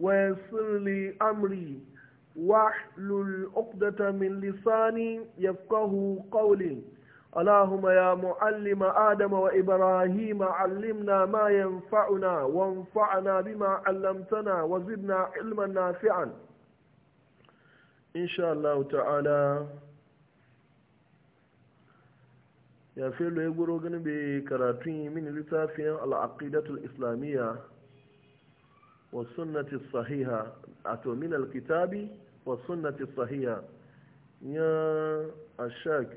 ويسر لي أمري واحلل عقدة من لساني يفقه قولي اللهم يا معلم آدم وإبراهيم علمنا ما ينفعنا وانفعنا بما علمتنا وزدنا علما نافعا إن شاء الله تعالى يا فيلو يقولوا غنبي كراتين من لسافين العقيدة الإسلامية wasunnatis sahiha a to min alkitabi wasunnatis sahiha ya ashak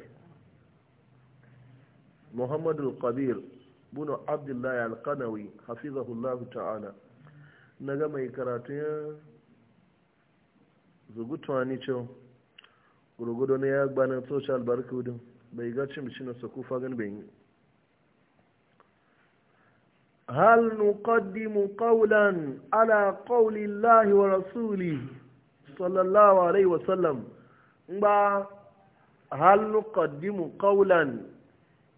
muhammadu al-kabir bunu abdullahi al hafiza hafizahullahu ta'ala na mai karatu ya zugu tuwanicho gurgudu na ya gbanin social barkudu bai ga bishina su fagen bai bayan هل نقدم قولا على قول الله ورسوله صلى الله عليه وسلم با هل نقدم قولا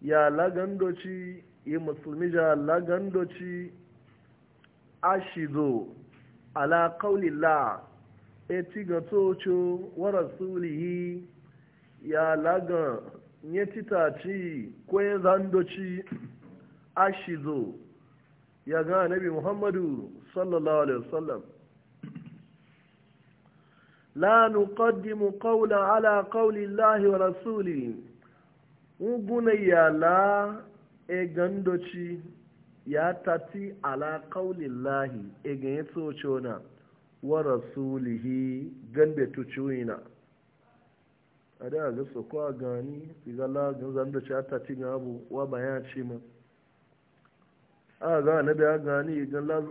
يا لغندوشي يا مسلمي جا لغندوشي ashizo على قول الله ti ga tocho wa rasulihi ya lagan nye titaci ko ya ga nabi muhammadu sallallahu alaihi wasallam la nuqaddimu qawla ala qawli llahi wa rasuli ubuna ya la e gandochi ya tati ala qawli llahi e ganye chona wa rasulihi gande tuchuina a da ga sokwa gani igala ganzan da ci a tati ga wa bayan chima aka ga annabi ya gani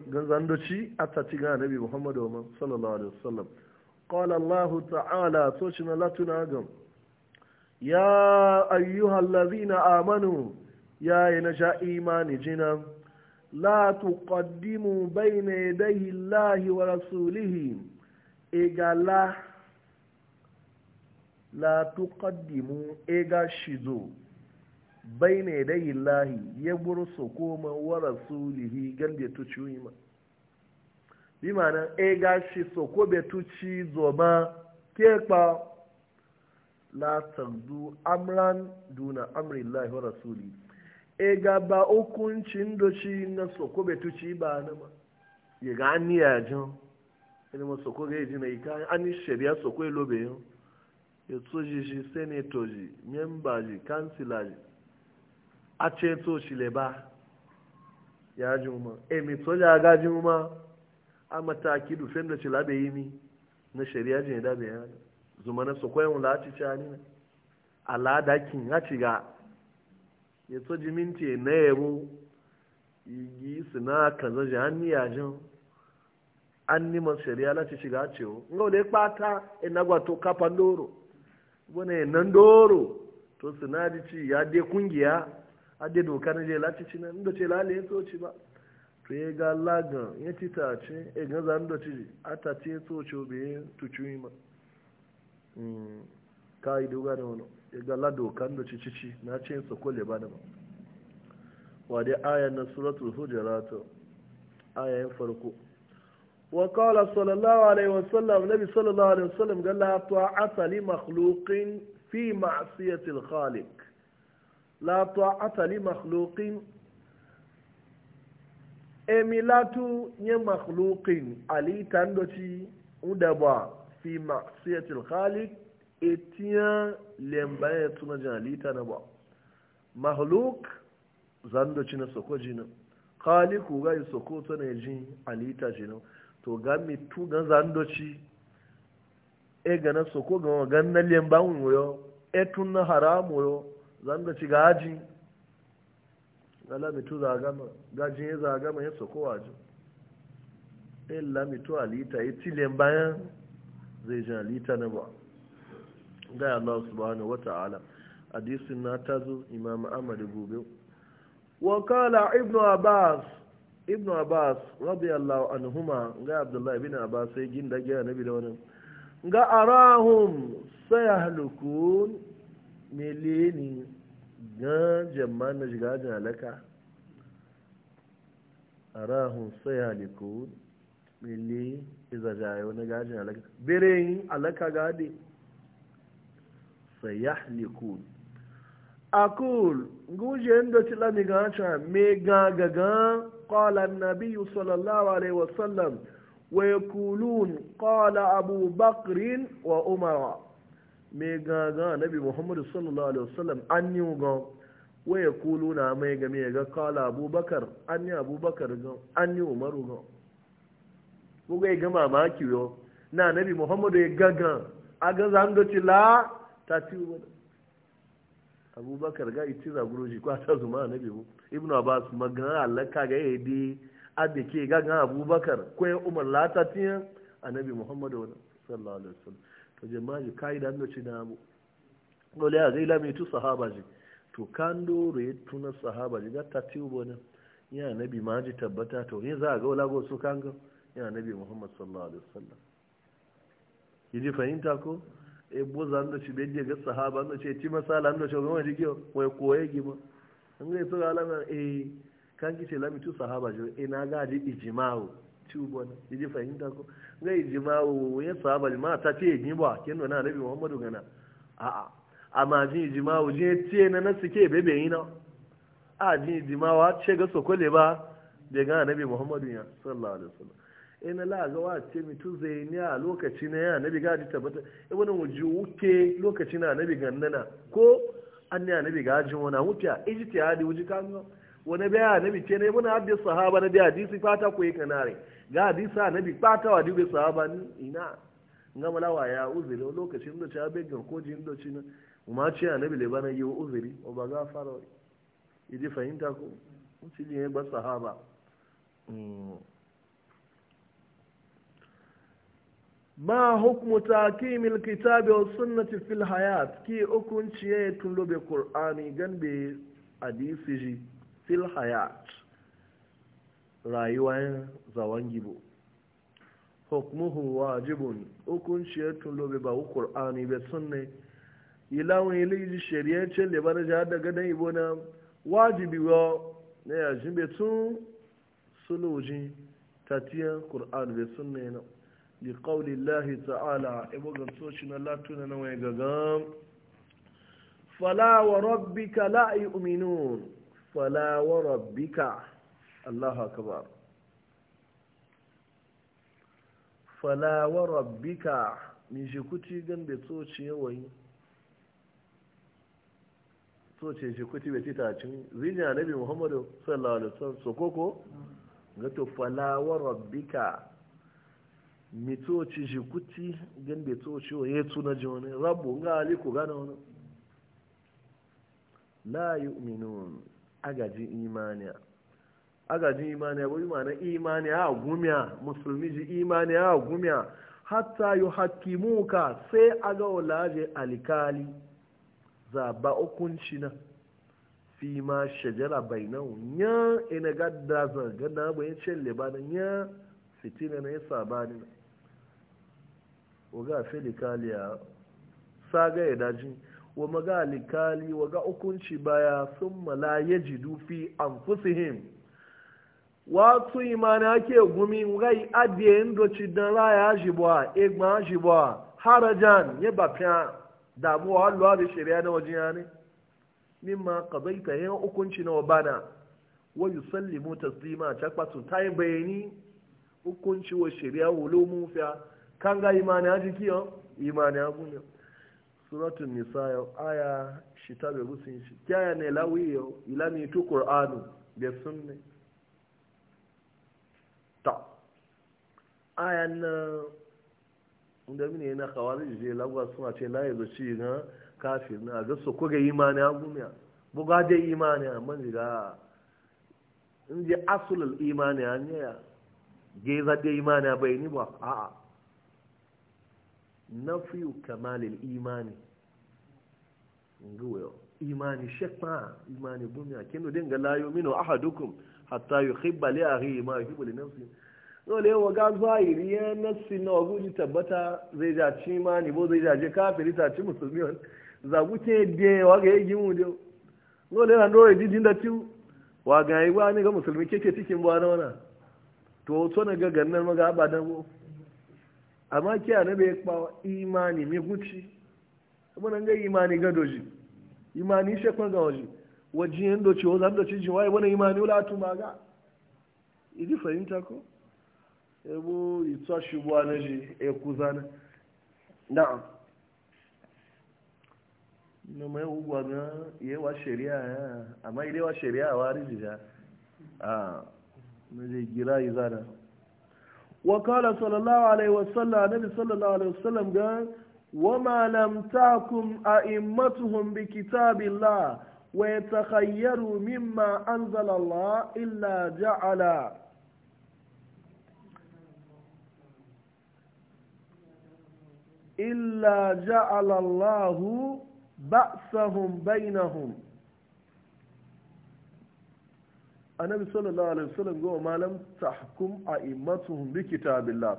gan zandoci a tati ga annabi muhammad wa sallallahu alaihi wasallam qala allah ta'ala to shi na latuna ga ya ayyuhal ladhina amanu ya ina sha imani jina la tuqaddimu bayna yadayhi allahi wa rasulihi egala la tuqaddimu ega bai ne dai lahi ya buru su koma wa rasulihi gan da tuci ma bi ma'ana e gashi so ko be zoma ke pa la tagdu amran duna amri lahi wa rasuli e ga ba hukuncin doci na so ko be tuci ba na ma ya ga an niya jin ina ma so ko ga yi na ika an ni so ko ya tsoji shi senator ji member ji ji ace to shi ba ya ji ma e mi to ja ga ji a mataki du fen da yi mi na shari'a je da be ya zuma na sokoy un la ci ta ni ala da kin ya ci ga ya to ji minti e e na yebo yi sina kaza je an ya jan an ni ma shari'a la ci shiga cewo ngole pata enagwa to kapa ndoro wani nan e to sinadi ci ya kungiya ade doka na je lati na inda ce lale ya soci ba to ya ga lagan ya ci ta ce e ga zan da ci ta ce soci be tuci ma hmm, ka yi doga da wani ya ga la doka da ci cici na ce su kole ba da ba wa dai ayan na suratul hujurat ayan farko wa qala sallallahu alaihi wasallam nabi sallallahu alaihi wasallam qala ta'ata li makhluqin fi ma'siyati al-khaliq la ta'ata li makhluqin emilatu nye makhluqin ali tandoci udaba fi ma'siyatil khaliq etiya lemba ya tuna jalita na ba mahluk zandoci na soko jina khaliku ga yi soko ta na jin alita jina to ga mitu ga zandoci e ga soko ga wa gan na e tun na haramu zan da ci gaji galamitu zagama gajin ya zagama ya soko wajen ɗin lamitu alita ya e tilen bayan zai jin alita na ba gaya Allah subhanahu wa ta'ala hadisin na ta zo imam ahmad gobe wakala Ibnu abbas Ibnu abbas radiyallahu anhuma ga abdullahi ibn abbas sai na gaya nabi da wani ga arahum sayahlikun mele ne gan jamman na shiga jin halaka a rahun sai haliku mele izajayo na gajin halaka bere yin halaka gade sai ya haliku akul guje inda ci lami gaca me gagagan kwalan nabi sallallahu alaihi wasallam wa yakulun kwala abu wa umara mai gaga nabi muhammadu sallallahu alaihi wasallam an yi ga waya kulu na mai game ya ga kala abubakar an yi abubakar ga an yi umaru ga kuga ya gama maki yo na nabi muhammadu ya gaga a ga zangaci la ta ci wani abubakar ga iti zaguroji kwata zuma nabi mu ibnu abbas magana alaka ga ya di abike gaga abubakar ko ya umar la ta tiyan annabi muhammadu sallallahu alaihi wasallam to jama'i kai da ando ci damu dole ya zai lami tu sahaba ji to kan doro tuna sahaba ji ga tatiyu bonan ya nabi ma ji tabbata to ne za ga wala go su kan ga ya nabi muhammad sallallahu alaihi wasallam yaji fahimta ko e boza ando ci beje ga sahaba ando ce ti masala ando ce ga wani giyo wai koye giba an ga to alama e, eh, kan ki ce lami tu sahaba ji ina eh, ga di ijma'u tubon yaji fahimta ko ga ijma'u ya sabal ma ta ce ni ba kin na nabi muhammadu gana a'a amma jin ijma'u ya ce na nasu ke bebe na a jin ijma'u ce ga sokole ba da ga nabi muhammadu ya sallallahu alaihi wasallam in e la ga wa ce mi tu zaini a lokaci na ya nabi ga ji tabbata e ibn wujuke lokaci na nabi gannana ko an ne nabi ga jin wani mutiya e ijtihadi wuji kamiyo wani biya nabi ce ne muna hadis sahaba na biya disi fata ku yi kanare ga hadisa nabi wa dube sahaba ni ina ngama lawa ya uzuri lokacin da cewa bai gan koji inda ci na ma ce annabi le bana yi uzuri o ba ga fara yi ji fahimta ko ci ne ba sahaba hmm. ma milki ta alkitab wa sunnati fil hayat ki hukunci ya lobe qur'ani gan bi hadisi fil hayat rayuwar zawon gibo Hukumuhu hukmuhu wajibun hukunciyar tun lobe ba wu qur'ani bai sunne ilawun iliji shari'a ce le bana ja daga ibo na wajibi wa ne ya bai tun suluji tatiya qur'an be sunne na li qawli Lahi ta'ala ibo ga soci na latuna na waya gaga fala wa rabbika la yu'minun fala wa rabbika الله أكبر فلا وربك من جكوتي جنب توتي وين توتي جكوتي بتي تاتشمي زيجا نبي محمد صلى الله عليه وسلم sokoko gato falawa mi toci jikuti gan betoci wa yetu na wani rabu nga aliku gana wani la yu'minun agaji imaniya agajin imani abu imani imani a gumiya musulmi ji imani a gumiya hatta yi hakimuka sai aga olaje alikali zaba hukunci na fi ma shajara bai nan ya ina gada gadda zargada bayan cin libanin ya fitina na ya sabani na waga filikali a saga ya daji wa maga alikali waga hukunci baya sun mala ya jidu fi anfusihim watu imani ake gumi ngai adiye ndo chidan raya jibwa egba jibwa harajan ye bapya damuwa alwa da shari'a na wajen ya ne mimma qadaita yan hukunci na wabana wa yusallimu taslima chakpa sun tai bayani hukunci wa shari'a ulumu fa kanga imani aji kiyo imani agunyo suratul nisa aya shitabe gusin shi kya ne lawiyo ilani tu qur'anu bi sunnah ayan nan inda mini na kawari je lagwa suna ce la yanzu ci na kafir na a so ko ga imani agumiya buga dai imani amma diga in je asulul imani an ya ge za da imani bai ni ba a'a nafiyu kamalin imani nguyo imani shekpa imani gumiya kinu dinga la yu'minu ahadukum hatta yuhibba li akhihi ma yuhibbu li nafsihi dole waga ga zahiri ya nassi na waguji tabbata zai ja ci ma ni bo zai ja kafiri ta ci musulmi wani zagu ke de wa ga yi mu de dole na dole di din da ci wa ga yi wa ni ga musulmi ke ke cikin ba na wana to so na ga gannan ma ga ba da go amma ke annabi ya kpa imani mi guci kuma nan ga imani ga doji imani shekwan ga waje wajen doci wa zan doci jiwa wani imani wala tuma ga idi fahimta ko ebu itsa shubuwa na ekuzana na na'am na ugwa na yewa shari'a ya ama ile wa sheria wa jija a ah, na je gira izana wa kala sallallahu alaihi sallam nabi sallallahu alaihi sallam ga wa وما لم تحكم أئمتهم بكتاب الله ويتخيروا مما أنزل الله illa ja'ala إلا جعل الله بأسهم بينهم annabi sallallahu alaihi wasallam go malam tahkum a immatuhum bi kitabillah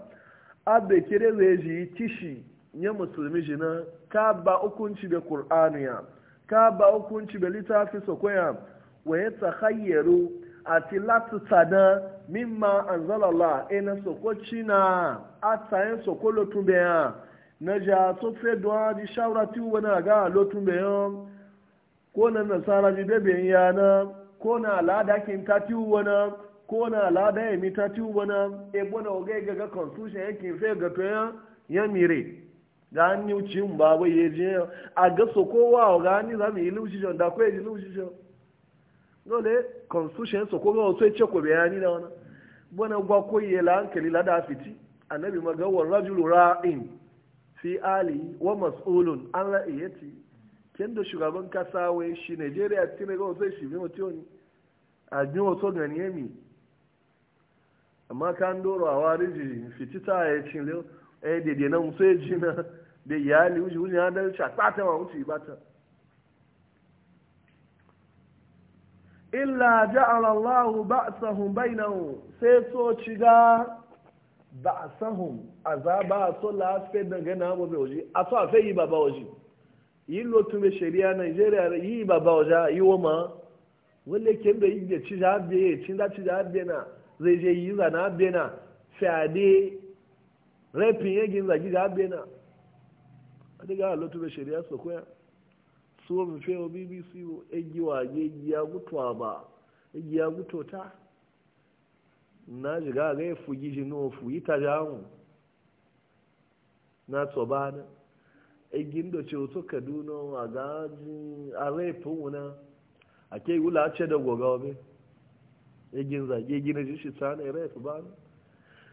abe kire weji tishi nya musulmi jina ka ba ukunci da qur'ani ya ka ba ukunci da litafi sokoya wa yatakhayyaru ati latu tada mimma anzala allah ina sokochina atayen sokolo tumbe ya na ja so fe don di shawara ti wani ga lotun be yon ko na nasara ji bebe na. ko na alada kin ta ti wani ko na alada ya mi ta ti wani e bona oge ga ga constitution yake fe ga to yan ya mire ga ni uchi mba bo ye je a ga so ko wa ga ni za mi ilu shi da ko ilu shi jo dole constitution e so ko e ga so ce ko bayani da wannan bona gwa ko yela hankali lada fiti annabi magawa rajulu ra'in fi ali wa mas'ulun an ra'iyati kendo shugaban kasa wai shi Nigeria tine ga zai shi mu tiyon a ji wato ganiye mi amma kan doro a wariji fitita ya cin le eh de de nan sai jina de yali uji uji na da sha tata ma uji bata illa ja'ala Allahu ba'sahum bainahum sai so ciga ba azaba so la fe daga na bo oji aso fe yi ba oji yi lo tume sharia nigeria yi baba oja yi wo ma wale ken da yi ci ja be ci da ci ja be na zai je yi za na be na fe ade repin ye gin za gi na adiga lo tume sharia so so mu o bbc o egi wa ge ya gutwa ba egi ya gutota na shiga ga ya fugi shi no fuyi ta na tsobana egin da ce wasu kaduna a gajin a wuna a ke wula ce da goga wabe egin zage gina e shi shi ta ne raifi ba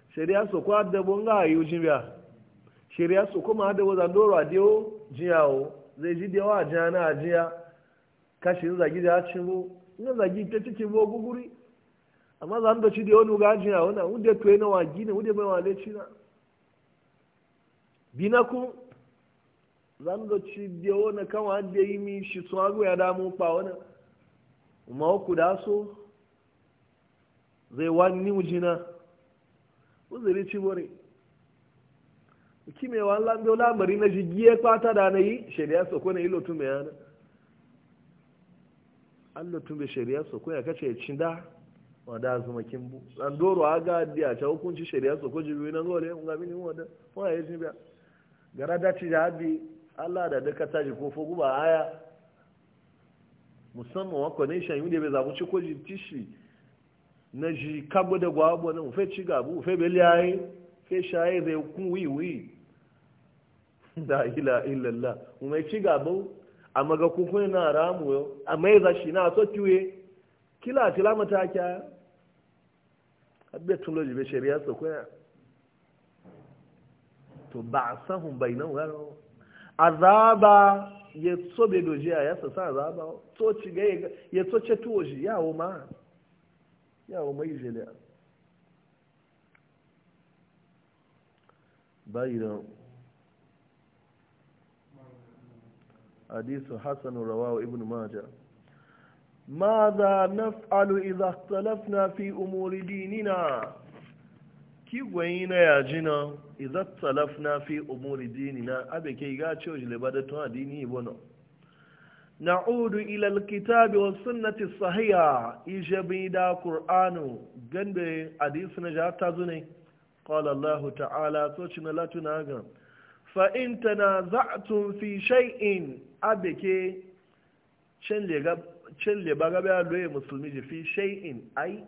shari'a su a yi jibiya shari'a su kuma da wazan doro a zai ji da na amma za mu da ci da wani gaji a wani wunde to yana wa ne wunde mai wale ci na Bi na ku za mu da da wani kama da yi mi shi tsago ya damu pa wani ma ku da so zai wani ni ujina uzuri ci bore wani lambe wani lamari na jigiye kwata da na yi shari'a sako na yi ilo tume yana Allah tumbe shari'a sako ya kace ya cinda wada zuma kimbu an doro aga di a chawo hukunci shari'a su ko jibi na gole gami mini wada ko ayi ni ba gara da ci da bi Allah da daka taji ko fogu ba aya musamman wa connection yi da bai zabu ci ko ji tishi na ji kabo da gwabo na fe ci gabu fe beli ayi fe shaye da kun wi wi da ila illa Allah mu ci amma ga kun na ramu amma ya zashi na so kiwe kila tilamata kya abetun loji be shari'a su koya to ba sahun bainan garo azaba ya so be doji a yasa sa azaba to ci ga ya to ce tuwo shi yawo ma yawo mai jele bayi da hadisu hasanu rawawa ibn majah ماذا نفعل إذا اختلفنا في أمور ديننا ki gwayina ya jina idan talafna fi umuri dinina abe ke ga cewa jileba da tun adini ibono na'udu ila alkitabi wa sunnati sahiha ijabi da qur'anu gande hadisi na jata zune qala ta'ala to cin latu na ga fa in tanaza'tum fi shay'in abe ke cin lega celle ba ga a loye musulmi ji fi shay'in ai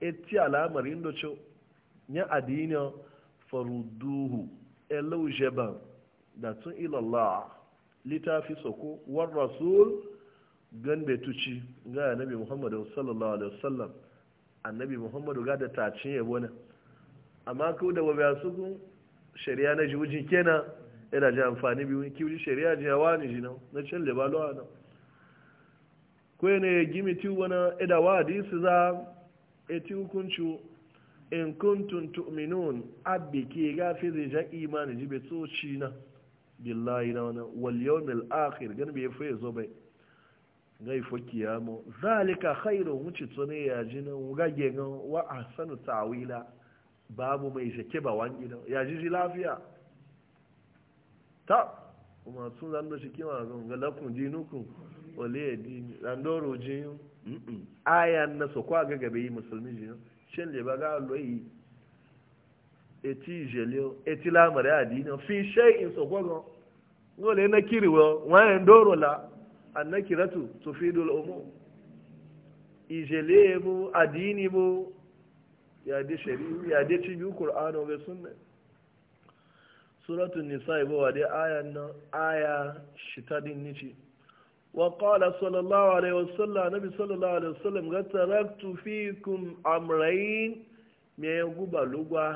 etti alamar indo cho nya adina faruduhu elau jeban da tun ilallah littafi soko war rasul gan tuci ga annabi muhammadu sallallahu alaihi wasallam annabi muhammadu ga da tacin yabo na amma ko da wabiya su kun shari'a na jiwujin kenan yana ji amfani biyu kiwujin shari'a jiyawa ne ji na cin can lebalo a nan kwene gimiti wana edawa hadisi za ti hukuncu in kuntum tu'minun abbi ki gafi zai ja imani jibe tsoci na billahi na wani wal yawmil akhir bai fa zo bai gai ya mu zalika khairu wuce tsone ya ji nan gage gan wa a sanu ta'wila babu mai shake ba wani da ya ji lafiya ta kuma sun zan da shi kima zan ga lakun jinukun wale ya dini dan doro ayan na so kwa ga gabe yi musulmi jin shin le ba ga loyi eti jelio eti la mare adini fi shay'in so kwa gon ngole na kiriwo wan ndoro la annakiratu tufidu al-umum ijele mu adini mu ya de shari'u ya de cibi qur'anu be sunna suratul nisa ibo wa de ayan na aya shitadin nici وقال صلى الله عليه وسلم النبي صلى الله عليه وسلم تركت فيكم امرين ميغوبا لغوا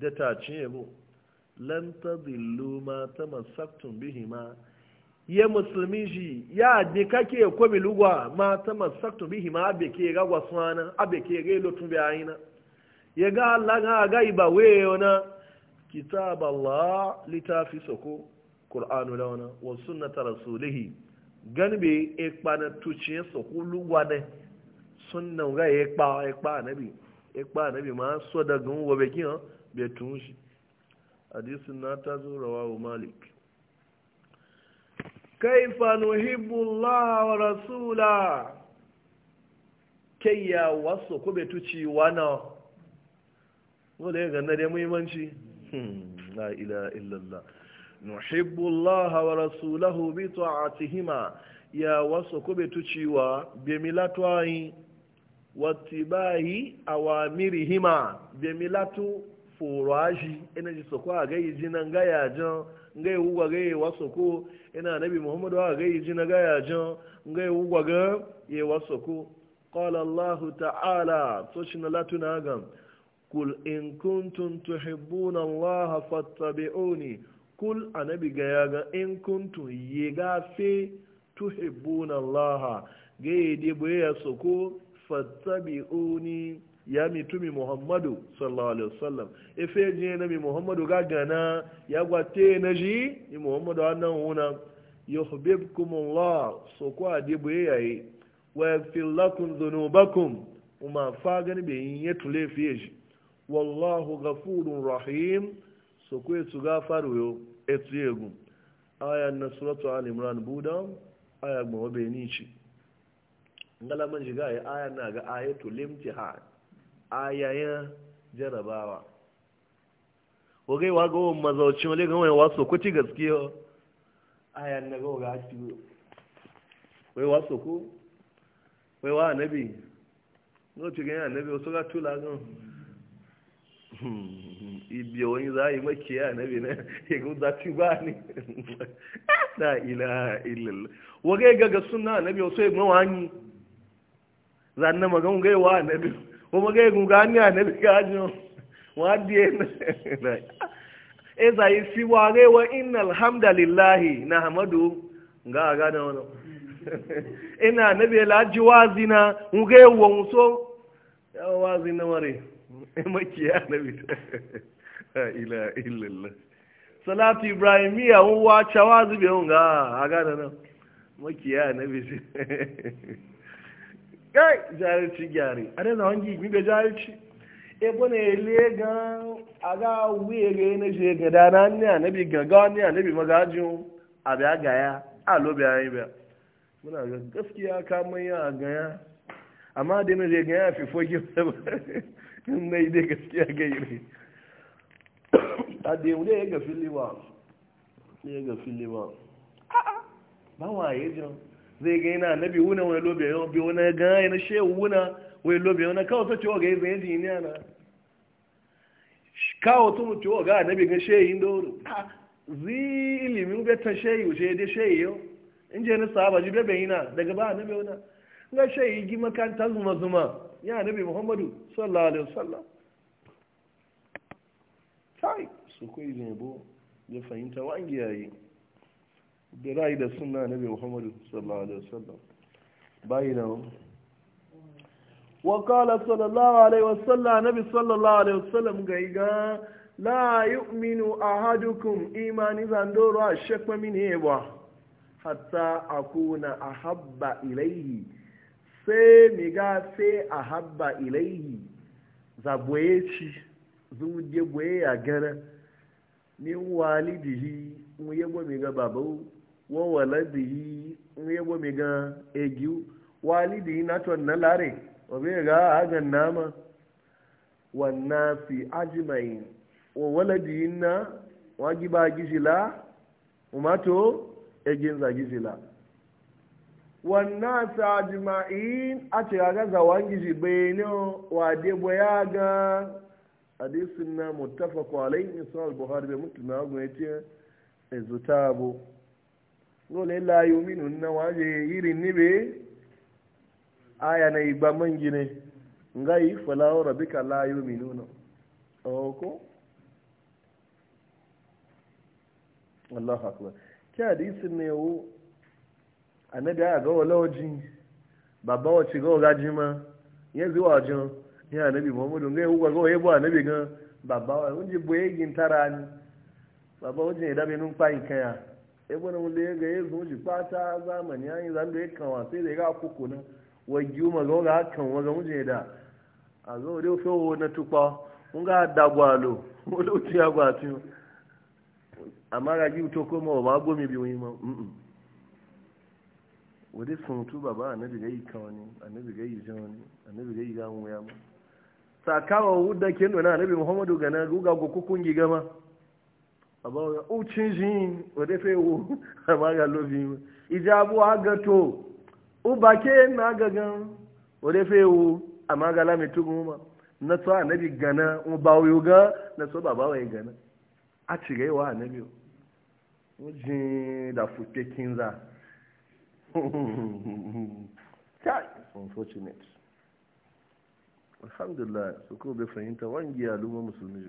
دتاتشي بو لن تضلوا ما تمسكتم بهما ya musulmi shi ya je kake kwami lugwa ma ta masaktu bihi ma abe ke ga gwasana abe ke ga bi ayina ya ga Allah litafi soko ƙur'anu launa wa sunnata rasulihi ganbe ikpa na tuciye su kulu ne sunna ga ikpa ikpa anabi ikpa anabi ma so da gun wa bekin ha be tun shi hadisin na ta zo rawahu malik kayfa nuhibbu Allah wa rasula kayya wasu ku be tuci wana wala ga na da muhimmanci hmm, la ilaha illallah nuhibbu Allah wa rasulahu bi ta'atihima ya wasu kube tuciwa bi milatwai wattibai awamirihima bi milatu furaji ene ji soko a gai jinan gaya jan ngai wugwa gai wasu ko ene anabi muhammadu a gai jina gaya jan ngai wugwa ga ye wasu ko qala Allah ta'ala to shi na latuna gam kul in kuntum tuhibbuna Allah fattabi'uni kul anabi ga ya ga in kuntu ye gafe tuhibbuna laha ga ye de boye soko fattabi'uni ya mitumi muhammadu sallallahu alaihi wasallam efe je na mi muhammadu ga gana ya gwate na ji ni muhammadu annan huna yuhibbukum allah soko ade ya yi wa yaghfir lakum dhunubakum uma yi be yin yetule fiye wallahu ghafurur rahim soko su gafaru yo etu egu aya na suratu al-imran buda aya gbawa benin ce ngalama shiga ya aya na ga ha aya ya jarabawa oge wa gowon mazauci wale ga wani waso kuti gaskiya aya na gawa ga ake wai waso ku, wai wa anabi ga cikin anabi wasu ga tula gan Hmm, ibi wani za a yi makiya na bi na ga zafi ba ne na ila illal waga ga gaga suna na bi wasu ibn wani zanna magan gai wa na bi ko maga gun ga ni na bi ga jo wa die na e za yi si wa ga wa ina alhamdulillahi na hamadu ga a gana wani ina na bi la jiwazina mu ga wa muso ya wazina mare makiya annabi la ilaha illallah salatu ibrahimiya un wa chawa zube un ga aga da nan makiya annabi kai jahilci gyare a da zawon gigi da jahilci ele ga aga were na je na dana ne annabi ga ga ne annabi magajin abi aga ya a lobe ayi ba muna ga gaskiya kamar ya ga ya amma da ne ga ya fi fogi na yi dai gaskiya gairi a demu ne ya ga filiwa ya ga filiwa ba wa ya jin zai ga yana na bi wuna wani lobe yau bi wani gaya na shehu wuna wani lobe yau na kawo ta cewa ga yi zai jini na. kawo ta mu cewa ga na bi ga shehu doro zi ilimin betan shehu ce dai shehu yau in je ni sahaba ji bebe yana daga ba na bi wuna ga shehu gi makanta zuma zuma ya nabi muhammadu sallallahu alaihi wasallam kai su koyi ne bo ya fahimta wangi yayi da rai da sunna nabi muhammadu sallallahu alaihi wasallam bayi na wa qala sallallahu alaihi wasallam nabi sallallahu alaihi wasallam gai ga la yu'minu ahadukum imani zandoro a shekwa mini ba hatta akuna ahabba ilaihi sai mi ga sai a habba ilaihi za boye ci zuwuje boye ya gara ni walidihi mu yabo mi ga wala wa waladihi mu yabo mi ga egiu walidihi na to na lare obe ga hagan nama wannan fi ajimain wa waladihin na wajiba gizila umato egin za gizila wannan sa jima'in a ce ga zawon gizi bayanin wade boya ga hadisin na mutafa kwalai isa al-buhari bai mutu na agun yace ezuta abu dole la yuminu na waje irin ni be aya na igba man gine ngai falawo rabika la yuminu na oko Allah akbar ke hadisin ne yau anabi a ga wala waji babba wace ga waga ma ya zuwa wajen ya anabi muhammadu ga yawu ga yabo anabi ga babba wa wunji boye gin tara ni babba wajen ya dabe nun fayin kaya ebo na wule ga ya zuwa ji fata ya yi zan sai da ya ga kuku na wajiyu ma ga waga a zo da fewo na tukpa ga dagwalo wani uti ya ji to koma wa wadai sunutu ba ba annabi gai ka wani annabi gai yi wani annabi gai ga mu ya ta kawo wudda ke nuna annabi muhammadu ga na guga go kukun gi gama aba ya o oh, cinjin wadai fe wo ama ga lobi ijabu aga to u oh, ba ke na ga gan wadai fe wo ama ga lami tuguma na so annabi gana mu oh, ba wo ga na so ba ba wa gana a ci wa annabi o da fuke kinza kai unfortunate alhamdulillah su ko bai fahimta wangi ya luma musulmi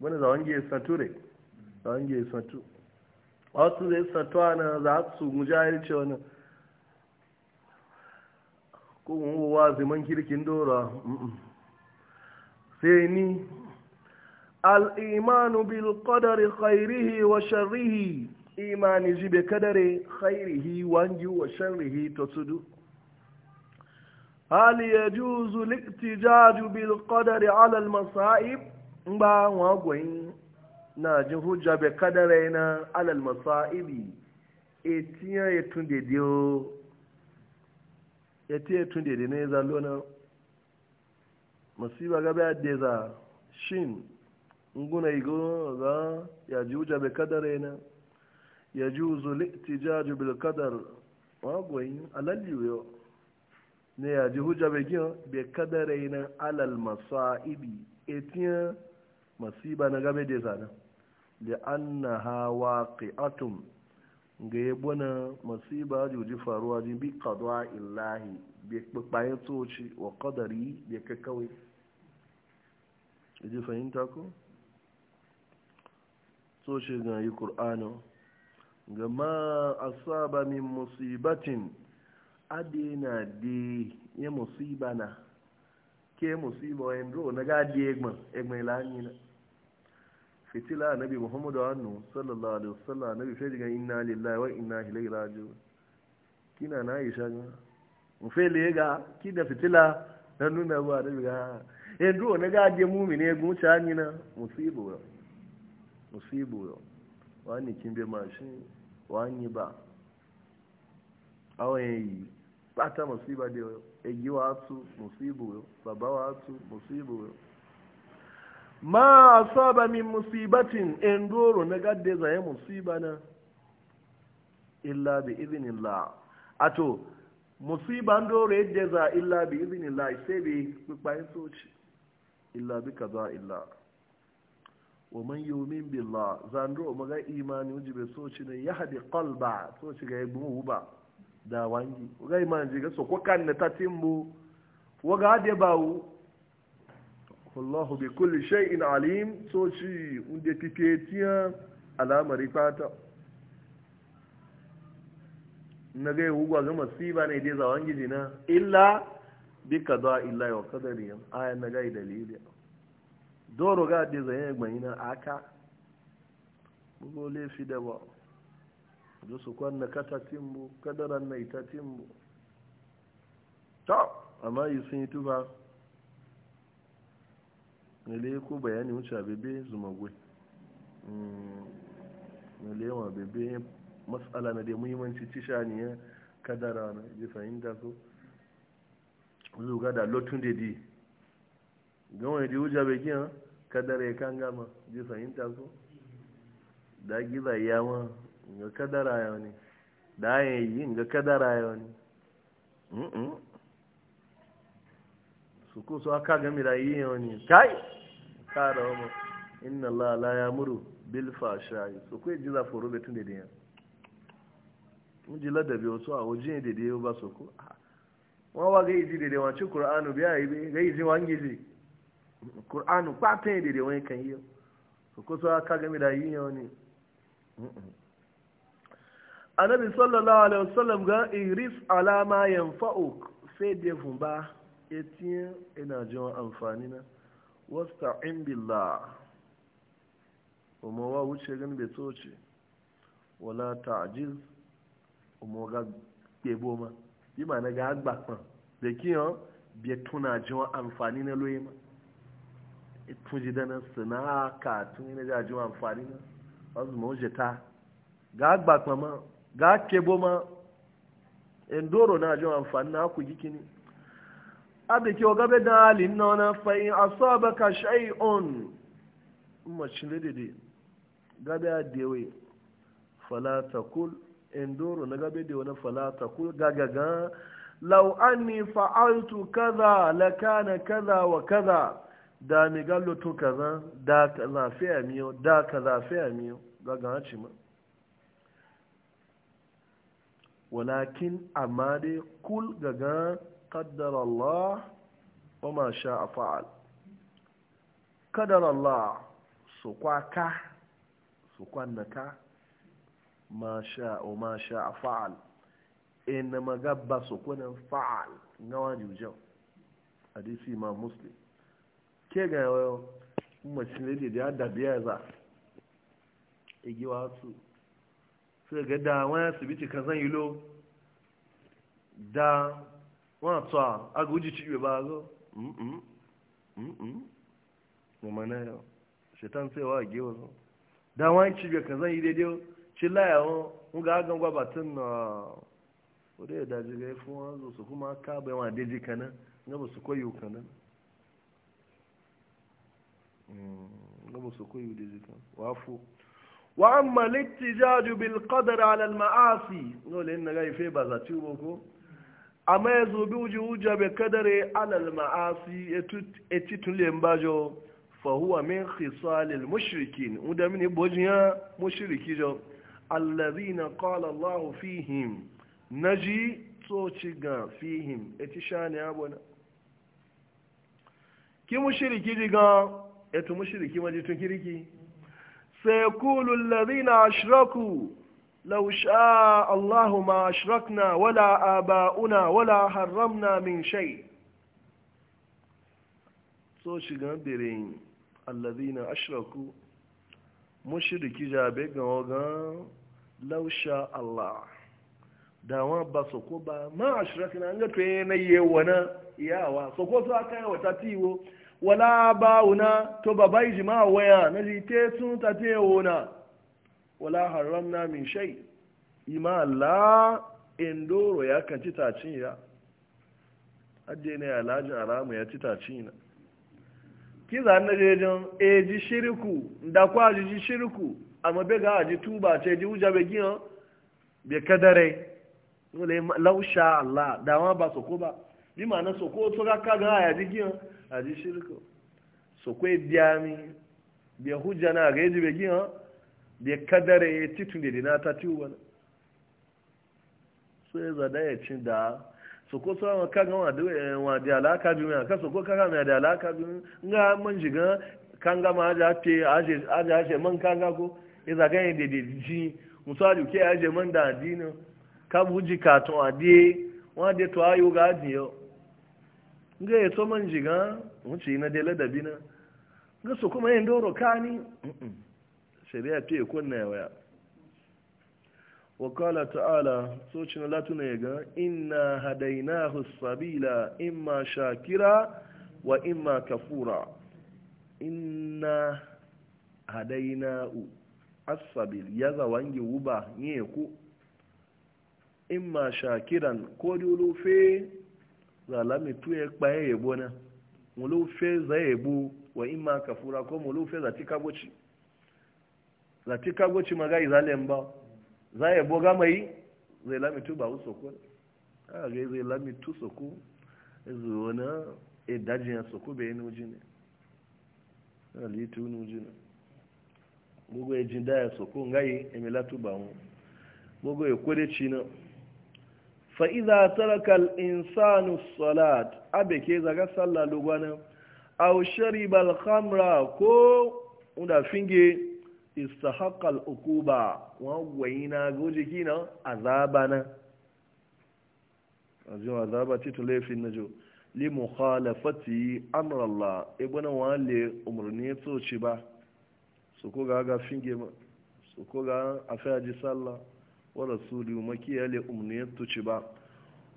wani za wangi ya sature za wangi ya satu wasu zai satu ana za su mujahil ce wani ko mu wa zaman kirkin dora sai ni al-imanu bil qadari khairihi wa sharrihi imani ji be kadare khairihi wangi wa sharrihi to tudu hal yajuzu liktijaju bil qadari ala al masa'ib ba wa goyin na ji hujja be kadare na ala al masa'ibi etiya de dio etiya etun de ne lona? masiba gabe adeza shin nguna igo za ya ji hujja be kadare na ya juzu li'tijaju bil qadar wa goyin alalliyo ne ya ji hujja be gin yi nan alal masaibi etiyan masiba na gabe da zana li'annaha waqi'atun ga yabona masiba juji faruwa jin bi kaduwa illahi be kpayin toci wa qadari kawai. kakawai ji fahimta ko so shi ga yi kur'anu ga ma asaba min musibatin adina di ya musiba na ke musiba wayan ro na gadi egma egma ilani na fitila annabi muhammadu annu sallallahu alaihi wasallam annabi sai daga inna lillahi wa inna ilaihi raji'un kina na aisha ga mu fele ga kida fitila na nuna ba da ga yanzu na gadi mu'mine gunta ni na musibo musibo wani kimbe mashi, wani ba awon yi bata musiba da egi wasu musibu baba wasu musibu ma asaba min musibatin endoro na gadde zai musiba na illa bi iznillah ato musiba ndoro yadda za illa bi iznillah sai bi kwayin soci illa bi kaza illa wa man yumin billah zandro maga imani uji be soci ne ya hadi qalba soci ga yabu ba da wangi ga imani ga so ko kan na tatimbu wa ga de bawu wallahu bi kulli shay'in alim soci unde tiketiya alamari fata na ga yugo ga masiba ne dai zawangi jina illa bi qada illa wa qadariyan ayan na ga dalili doro ga da zai gbanyi na aka bugo laifi da ba da su kwanna kata timbu kadaran na ita timbu ta amma yi sun yi tuba nile ko bayani wuce bebe zumagwe mm, nile ma bebe matsala na da muhimmanci tisha ne ya kadara na jifayin fahimta ko zuga da lotun da di gawai ji wuja bai kiyan kadara ya kan gama ji fahimta ko da giza ya ma ga kadara ya ne da ya yi ga kadara ya ne su ko su aka gami da yi ya ne kai kara wa inna Allah la ya muru bil fashai su ko ji za foro betun da ya mun ji ladabi wasu a waje da da ba su ko wọ́n wá gẹ́yìí dìde wọ́n tí kùránù bí i gẹ́yìí tí wọ́n ń gẹ́yìí ƙur'anu ba ta yi daidai wani kan yi su kusa ka game da yi yau ne annabi sallallahu alaihi wasallam ga iris alama yanfa'uk sai da fun ba etin ina jin amfani na wasta'in billah kuma wa wuce gan bai toce wala ta'jiz Umar ga kebo ma bi ma na ga agba kan da kiyan bi tuna jin amfani na loyema tuji dana suna katun na wa amfani na wasu oje ta ga agbakpa ma ga kebo ma endoro na wa amfani na aku gikini da ke oga be dan halin na wani aso asaba ka shay'un macin dede gabe a dewe falatakul endoro na gabe da kul falatakul gagaga lau anni fa'altu kaza lakana kaza wa kaza da mi gallo to kaza da kaza fiya miyo da kaza fiya miyo ga ga ci ma walakin amma dai kul ga ga qaddara Allah wa ma sha'a fa'al qaddara Allah su kwaka su kwannaka ma sha'a ma sha'a fa'al in magabba su kunan fa'al ngawa jujau hadisi ma muslim ke ga yawon mashin da ya dabi ya za e ga da wani asibiti kan zan yi lo da wani a aga uji cibe baa zo mm mm, mm, mm. mana yau shetan sai wa gewa zo da wani cibe kan zan yi daidai ci layawan ga agan gwabatin na wadda ya daji ga ya fi wani zo su kuma ka bai wa daidai kanan ga ba su koyo kanan واما الاتجاج بالقدر على المعاصي نقول ان جاي في بازا تشوبوكو اما بوجو وجا بقدر على المعاصي اتيت لمباجو فهو من خصال المشركين من بوجيا مشركي جو الذين قال الله فيهم نجي توتشيغا فيهم اتشاني ابونا كي مشركي جيغا etu eh, mushriki kiriki kirki yakulu alladhina ashraku law sha'a Allahu ma ashrakna wala aba'una wala harramna min shay so shiga birin alladhina ashraku mushriki jabe ga ga law sha'a Allah Da wa ba so ko ba ma ashrakna an ga to yana yewana yawa so ko so aka yawa tiwo wala abawuna to babai jima'a waya na jite sun tafe wona wala haramna min sha'i ima la indoro ya kan ci tacin ya adde ne alajin aramu ya ci tacin na kiza na jejin e ji shirku da kwa ji ji shirku amma be ga ji tuba ce ji uja be gina be kadare lausha Allah da ba su ko ba bí màá náà sọ̀kọ́ tó ká kágan àyàjí àti soko sọ̀kọ́ ebi ami bí ẹ̀hújà náà rẹ̀ jìbẹ̀ gíhan bí ẹ̀kádàrẹ̀ títún dèdè náà tàtí wọn. sọ yẹ zàdá yẹ tí dà sọ̀kọ́ tó àwọn kágan wọn àdé àlàáká wọn àká sọ̀kọ́ kágan mi àdé kanga ma aja aje man kanga ko iza ke aje wọn tó nga ya to jiga wuce na dela da bina nga su kuma yin doro kani shari'a ce kunna ya waya wa ta'ala so cin latu ne ga inna hadainahu sabila imma shakira wa imma kafura inna hadainahu asabil sabil yaza wangi wuba nye ku imma shakiran ko dulu zalami tu kpa ye yebo na mulu fe za yebo wa ima kafura ko mulu fe za tika gochi za tika gochi maga izalen ba za yebo ga mai zai lami tu ba uso ko a ga zai lami tu soko e zo na e dajin soko be no jine ali tu no jine gogo e ya soko ngai emela tu ba mu gogo ekwere kwere na. fa'iza tarakal insanu salat abe ke zaga sallah lugwanin au sharibal khamra ko da finge istahakal ukuba wagwayi na gojiki na azaba a azima azaba ce fi na jo li mukhalafati amrallah ibn wale umarni to ci ba su ko ga ga finge ma su ko ga afaji sallah wa rasuli makiya le umniyar tuci ba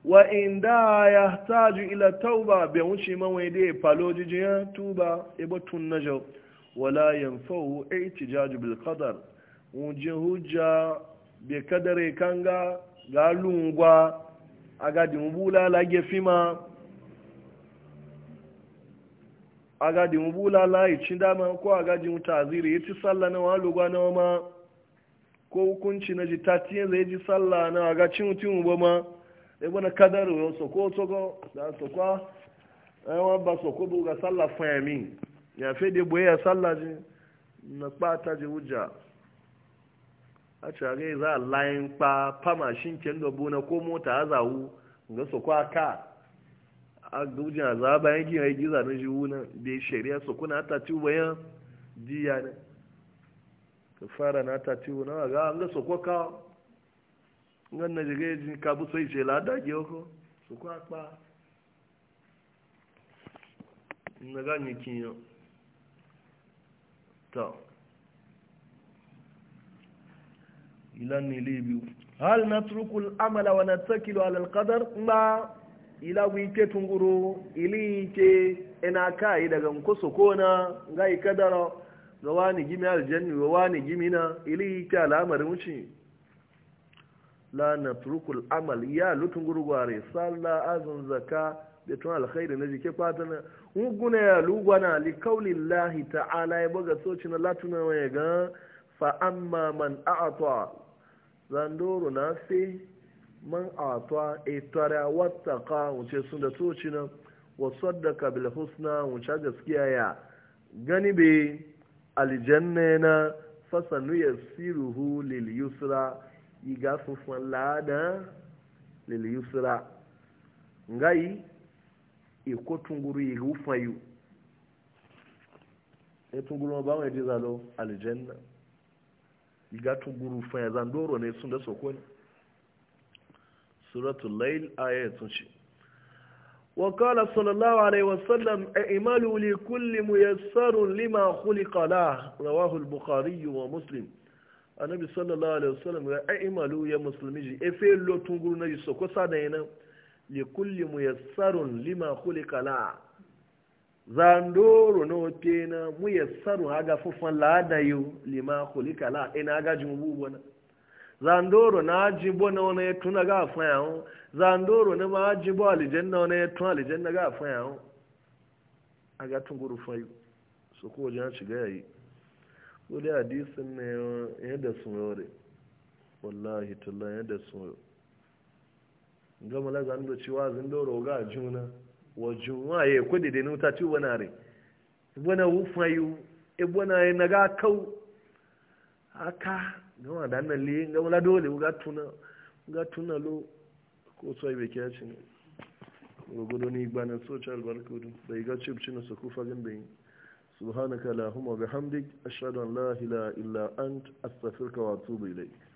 wa inda ya taju ila tauba bai wuce mawai da ya falo jijiyar tuba iba tun na jau wala yanfau ihtijaju bil qadar wujin hujja bai kadare kanga ga lungwa agadi mubula la gefima ko agadi mutaziri yiti sallana walugwa na ko hukunci na ji tatiye zai ji sallah na ga cin mutum ba ma ya bana kadar yau soko soko da soko ayan ba soko bu ga sallah fahimi ya fe de ya sallah ji na kpata ji hujja a cire za a layin kpa fama shin ken da bona ko mota a zawu ga soko ka a dujin a za bayan gina giza na ji wuna da shari'a soko na ta ci bayan diya ne ka fara na ta ciwo na ga an ga sokwa ka ngan na jige ji ka bu sai ce lada ge ko sokwa pa na ga ni yo to ilan ni libiu hal natruku al-amala wa natakilu ala al-qadar ma ila ke tunguru ili ke ina kai daga nkoso kona ngai kadaro rawa ni gimi aljanni rawa ni gimi na ili ta wuce la na amal ya lutun gurgware salla azun zaka da tun alkhairi na jike na hukuna ya lugwana li lahi ta'ala ya buga soci na latuna mai ga fa'amma man a'atwa zandoro na man a'atwa a tara wata ka wuce sun da soci na wasu da kabila husna wuce gaskiya ya gani bai aljanna na fasanu ya siruhu lil yusra iga fufan lada lil yusra ngai iko tunguru yi ufayu e tunguru ba mai diza lo aljanna iga tunguru fa ya zandoro ne sun da sokoni suratul lail ayatun shi وقال صلى الله عليه وسلم اعملوا لكل ميسر لما خلق له رواه البخاري ومسلم annabi sallallahu alaihi wasallam ga aimalu ya musulmi ji efe lotun guru na jiso ko sada yana li kulli muyassarun lima khuliqa la zandoro no tena muyassaru haga fufan la da yu lima khuliqa la ina ga jumbu bona zandoro na ajibo na wani etu na ga afọ ya zandoro na ma ajibo alijanna wani etu alijanna ga afọ ya a ga tunguru fayu su ko wajen shiga yayi wani hadisin ne eh, yadda sun yore wallahi tallan yadda sun yore gama la zando cewa zandoro ga juna wa juna ya kudi da nuta ci wani re wani wufayu ibwana e ya naga kau aka gama da annan li gama la dole ga tuna ga tuna lo ko so ibe kiya cin gogodo ni gbana social barkudu bai ga chip cin su kufa gan bai subhanaka allahumma bihamdik ashhadu an la ilaha illa ant astaghfiruka wa tubu ilayk